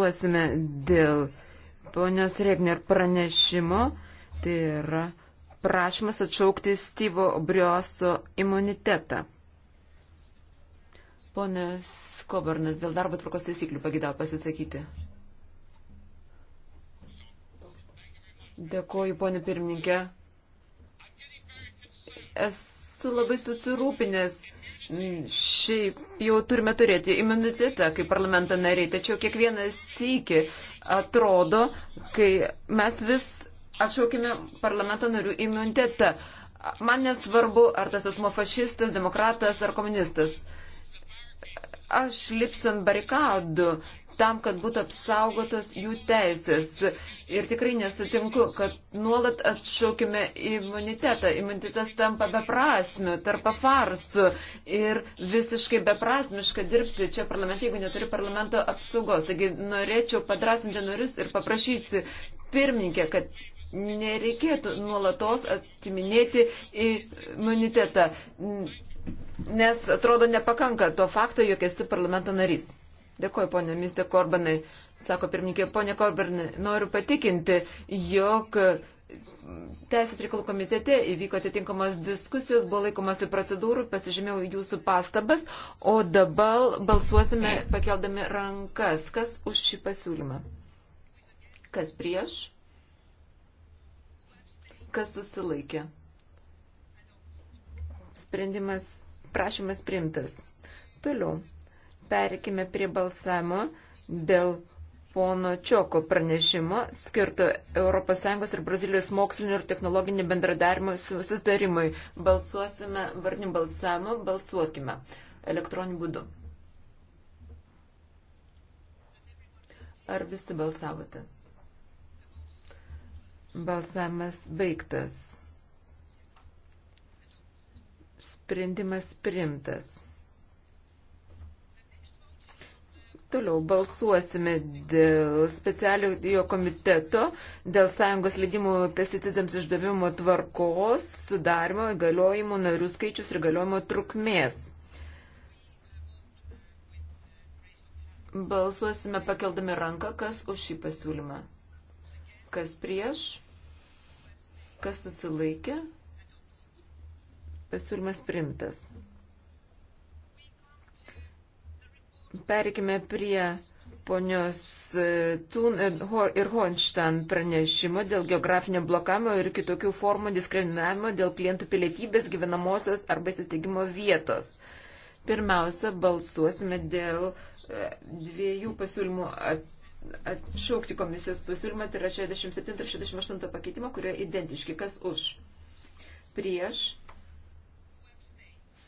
balsuosime dėl ponios Regner pranešimo, tai yra prašymas atšaukti Styvo Brioso imunitetą. Ponas Kobarnas dėl darbo tvarkos taisyklių pagidavo pasisakyti. Dėkoju, ponė pirmininkė. Esu labai susirūpinęs šiaip jau turime turėti imunitetą kaip parlamento nariai, tačiau kiekvienas sykį atrodo, kai mes vis atšaukime parlamento narių imunitetą. Man nesvarbu, ar tas asmo fašistas, demokratas ar komunistas. Aš lipsiu ant barikadų tam, kad būtų apsaugotos jų teisės. Ir tikrai nesutinku, kad nuolat atšaukime imunitetą. Imunitetas tampa beprasmiu, tarpa farsu ir visiškai beprasmiška dirbti čia parlamente, jeigu neturi parlamento apsaugos. Taigi norėčiau padrasinti norius ir paprašyti pirmininkę, kad nereikėtų nuolatos atiminėti imunitetą, nes atrodo nepakanka to fakto, jog esi parlamento narys. Dėkuoju, ponė Mistė Korbanai. Sako pirmininkė, ponė Korbanai, noriu patikinti, jog Teisės reikalų komitete įvyko atitinkamos diskusijos, buvo laikomasi procedūrų, pasižymėjau jūsų pastabas, o dabar balsuosime pakeldami rankas. Kas už šį pasiūlymą? Kas prieš? Kas susilaikė? Sprendimas, prašymas priimtas. Toliau perikime prie balsavimo dėl pono Čioko pranešimo skirto ES ir Brazilijos mokslinio ir technologinio bendradarimo susidarimui. Balsuosime varnių balsavimu, balsuokime elektroniniu būdu. Ar visi balsavote? Balsavimas baigtas. Sprendimas primtas. Toliau balsuosime dėl specialiojo komiteto, dėl sąjungos leidimų pesticidams išdavimo tvarkos, sudarimo įgaliojimų narių skaičius ir įgaliojimo trukmės. Balsuosime pakeldami ranką, kas už šį pasiūlymą. Kas prieš, kas susilaikė, pasiūlymas primtas. Perikime prie ponios e, Tun e, ir Honštan pranešimo dėl geografinio blokavimo ir kitokių formų diskriminavimo dėl klientų pilietybės gyvenamosios arba įsisteigimo vietos. Pirmiausia, balsuosime dėl e, dviejų pasiūlymų atšaukti komisijos pasiūlymą, tai yra 67 ir 68 pakeitimo, kurie identiški, kas už. Prieš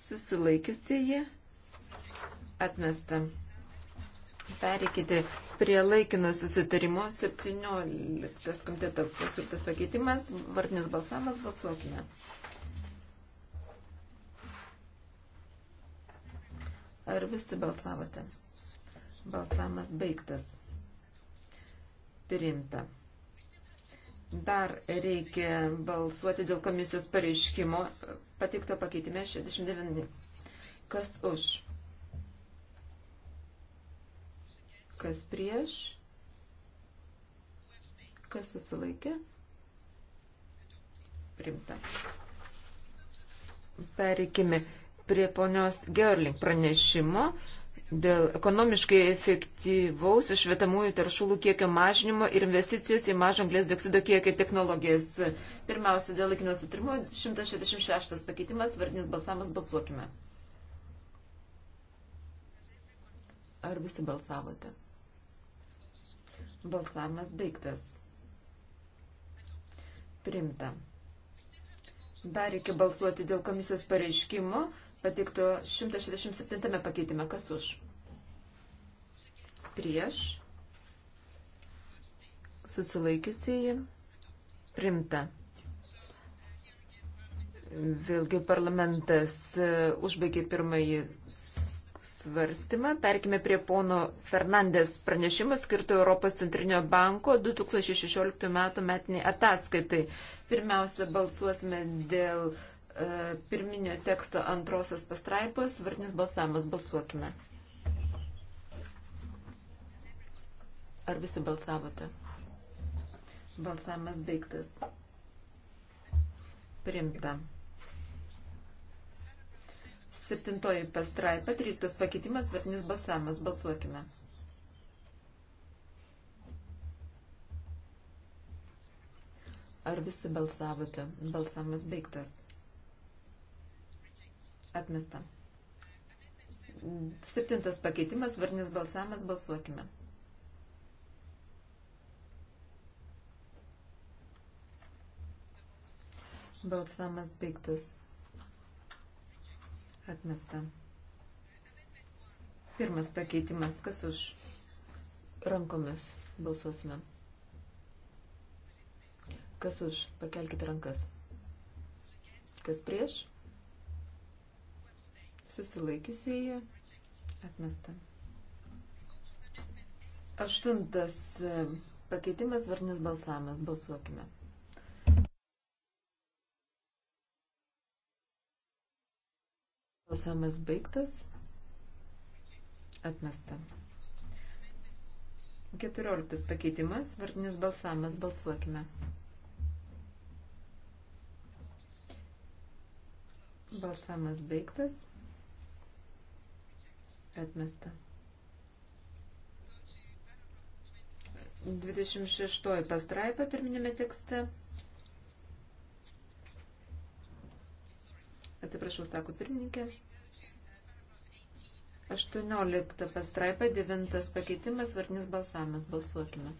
susilaikiusieji Atmesta. Pereikite prie laikino susitarimo 17 komiteto pasiūlytas pakeitimas, vardinis balsavimas, balsuokime. Ar visi balsavote? Balsavimas baigtas. Priimta. Dar reikia balsuoti dėl komisijos pareiškimo pateikto pakeitime 69. Kas už? kas prieš, kas susilaikė, primta. Pereikime prie ponios Gerling pranešimo dėl ekonomiškai efektyvaus išvetamųjų taršulų kiekio mažinimo ir investicijos į mažą anglės dioksido kiekio technologijas. Pirmiausia, dėl laikino sutrimo 166 pakeitimas, vardinis balsamas, balsuokime. Ar visi balsavote? Balsavimas baigtas. Primta. Dar reikia balsuoti dėl komisijos pareiškimo pateikto 167 pakeitime. Kas už? Prieš. Susilaikiusieji. Primta. Vėlgi parlamentas e, užbaigė pirmąjį svarstymą. Perkime prie pono Fernandės pranešimo skirto Europos centrinio banko 2016 metų metiniai ataskaitai. Pirmiausia, balsuosime dėl e, pirminio teksto antrosios pastraipos. Vardinis balsavimas. Balsuokime. Ar visi balsavote? Balsavimas baigtas. Primta. Septintoji pastraipa, tryliktas pakeitimas, vertinis balsavimas. Balsuokime. Ar visi balsavote? Balsavimas baigtas. Atmesta. Septintas pakeitimas, varnis balsavimas, balsuokime. Balsavimas baigtas. Atmesta. Pirmas pakeitimas, kas už rankomis balsuosime. Kas už, pakelkite rankas. Kas prieš? Susilaikiusieji. Atmesta. Aštuntas e, pakeitimas, varnis balsavimas. Balsuokime. Balsavimas baigtas. Atmesta. 14 pakeitimas, vardinis balsavimas, balsuokime. Balsavimas baigtas. Atmesta. 26 pastraipa pirminėme tekste. Atsiprašau, sako pirmininkė. 18 pastraipa, 9 pakeitimas, vardinis balsavimas. Balsuokime.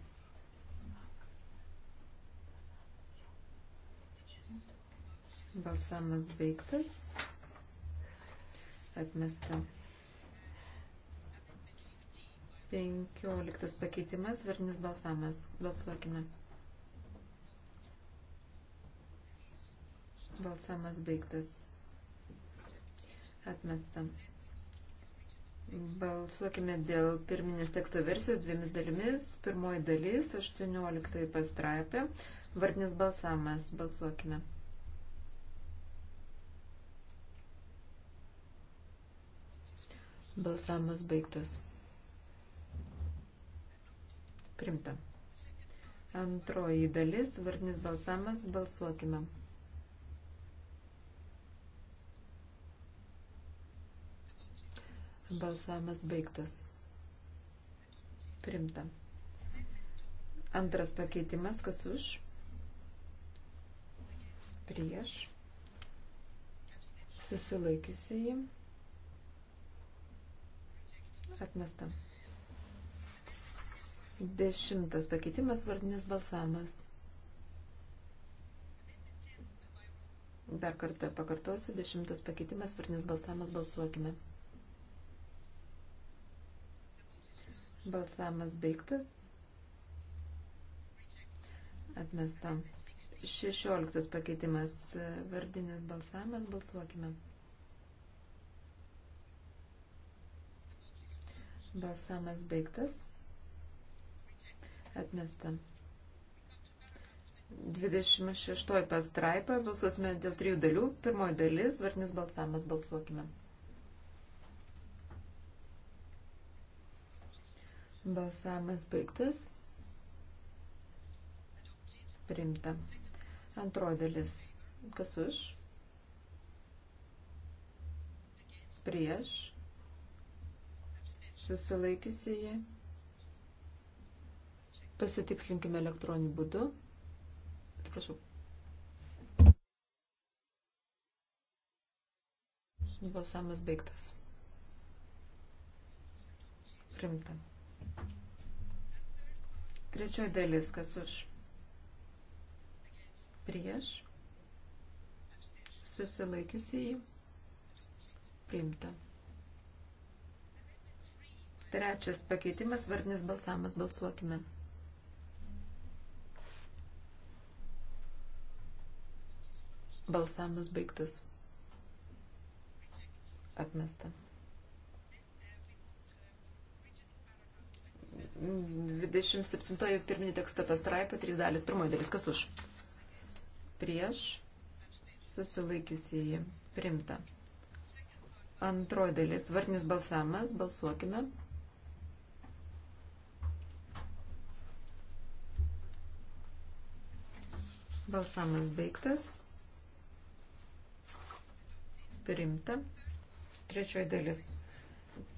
Balsavimas baigtas. Atmesta. 15 pakeitimas, vardinis balsavimas. Balsuokime. Balsavimas baigtas. Atmesta. Balsuokime dėl pirminės teksto versijos dviemis dalimis. Pirmoji dalis, 18 pastraipė. Vardinis balsavimas. Balsuokime. Balsavimas baigtas. Primta. Antroji dalis, vardinis balsavimas. Balsuokime. Balsuokime. Balsavimas baigtas. Primta. Antras pakeitimas, kas už? Prieš. Susilaikiusi jį. Atmesta. Dešimtas pakeitimas, vardinis balsavimas. Dar kartą pakartosiu, dešimtas pakeitimas, vardinis balsavimas, balsuokime. Balsavimas baigtas. Atmesta. 16 pakeitimas vardinis balsavimas. Balsuokime. Balsavimas baigtas. Atmesta. 26 pastraipa. Balsuosime dėl trijų dalių. Pirmoji dalis. Vardinis balsavimas. Balsuokime. Balsuokime. Balsavimas baigtas. Primta. Antroji dalis. Kas už? Prieš. Susilaikysi jį. Pasitikslinkime elektroniniu būdu. Atsiprašau. Balsavimas baigtas. Primta. Trečioji dalis, kas už prieš susilaikiusiai priimta. Trečias pakeitimas, vardinis balsavimas, balsuokime. Balsavimas baigtas. Atmesta. 27 pirminį tekstą pastraipą, 3 dalis, 1 dalis, kas už? Prieš susilaikiusieji primta. Antroji dalis, vardinis balsavimas, balsuokime. Balsamas baigtas. Priimta. Trečioji dalis.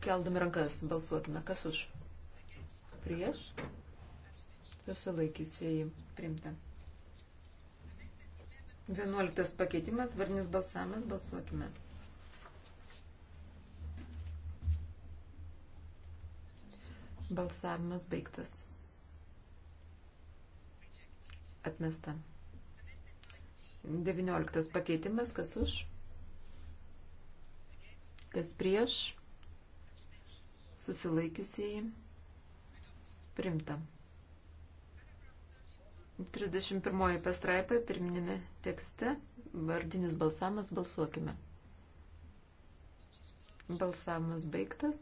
Keldami rankas balsuokime, kas už prieš, susilaikiusieji primta. 11 pakeitimas, varnis balsavimas, balsuokime. Balsavimas baigtas. Atmesta. 19 pakeitimas, kas už? Kas prieš? Susilaikiusieji. Primta. 31 pastraipai pirminėme tekste vardinis balsamas balsuokime. Balsamas baigtas.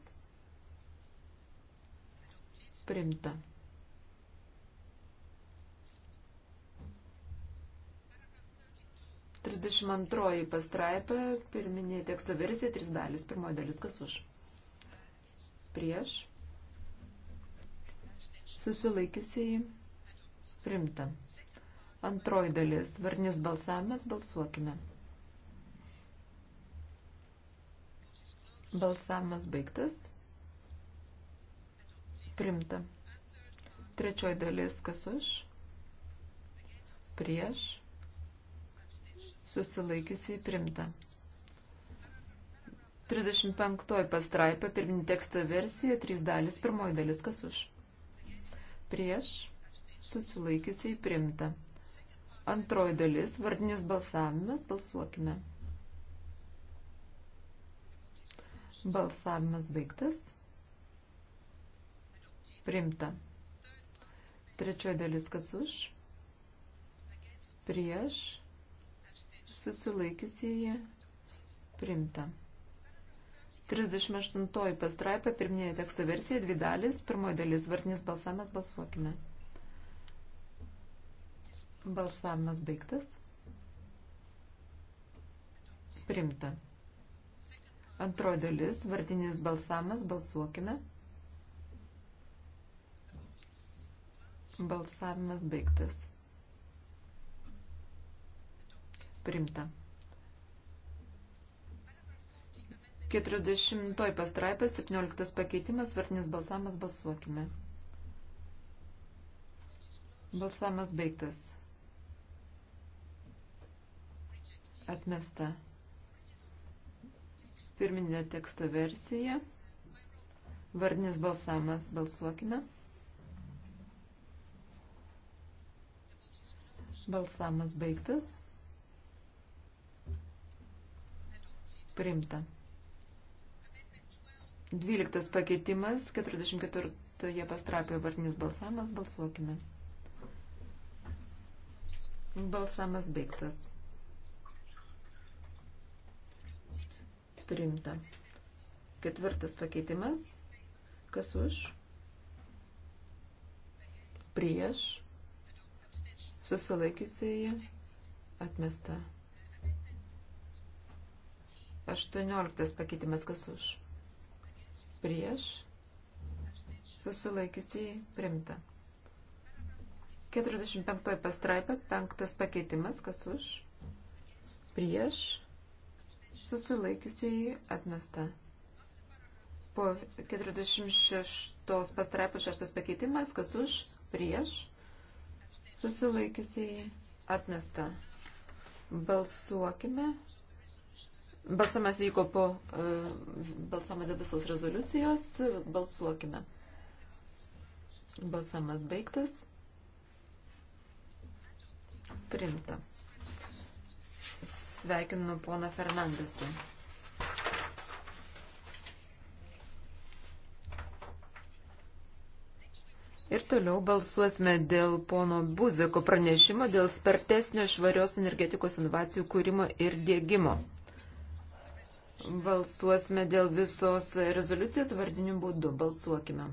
Primta. Trisdešimt antroji pastraipa, pirminė teksto versija, tris dalis, pirmoji dalis kas už. Prieš susilaikiusiai primta. Antroji dalis. Varnis balsavimas. Balsuokime. Balsavimas baigtas. Primta. Trečioji dalis. Kas už? Prieš. Susilaikiusiai primta. 35 pastraipa, pirminį teksto versija, 3 dalis, pirmoji dalis, kas už? prieš, susilaikiusiai primta. Antroji dalis, vardinis balsavimas, balsuokime. Balsavimas baigtas. Primta. Trečioji dalis, kas už, prieš, susilaikiusieji, primta. 38 pastraipa, pirminė teksto versija, dvi dalis, pirmoji dalis, vardinis balsavimas, balsuokime. Balsavimas baigtas. Primta. Antroji dalis, vardinis balsavimas, balsuokime. Balsavimas baigtas. Primta. 40 pastraipas, 17 pakeitimas, vartinis balsamas, balsuokime. Balsamas baigtas. Atmesta. Pirminė teksto versija. Vardinis balsamas, balsuokime. Balsamas baigtas. Primta. 12 pakeitimas, 44 pastrapė vardinis balsavimas, balsuokime. Balsamas baigtas. Priimta. Ketvirtas pakeitimas. Kas už? Prieš. Susilaikiusieji. Atmesta. Aštuonioliktas pakeitimas. Kas už? prieš, susilaikiusiai primta. 45 pastraipė, penktas pakeitimas, kas už, prieš, susilaikiusiai atmesta. Po 46 pastraipos šeštas pakeitimas, kas už, prieš, susilaikiusiai atmesta. Balsuokime. Balsamas vyko po e, balsamą dėl visos rezoliucijos. Balsuokime. Balsamas baigtas. Primta. Sveikinu poną Fernandesą. Ir toliau balsuosime dėl pono Buzeko pranešimo dėl spartesnio švarios energetikos inovacijų kūrimo ir dėgymo. Balsuosime dėl visos rezoliucijos vardiniu būdu. Balsuokime.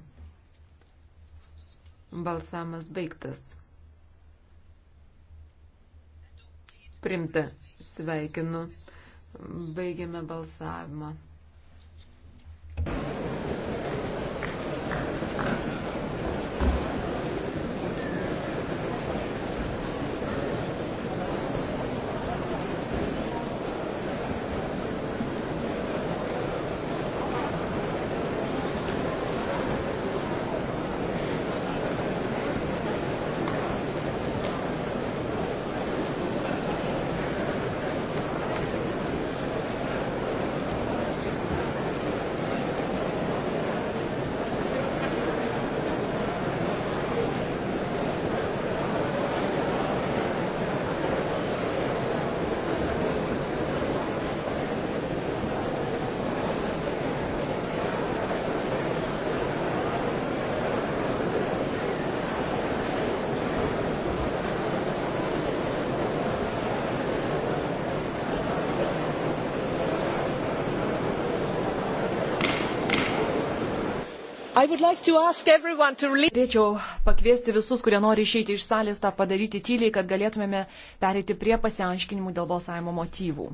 Balsamas baigtas. Primta. Sveikinu. Baigiame balsavimą. Norėčiau like pakviesti visus, kurie nori išeiti iš salės, tą padaryti tyliai, kad galėtumėme pereiti prie pasiaiškinimų dėl balsavimo motyvų.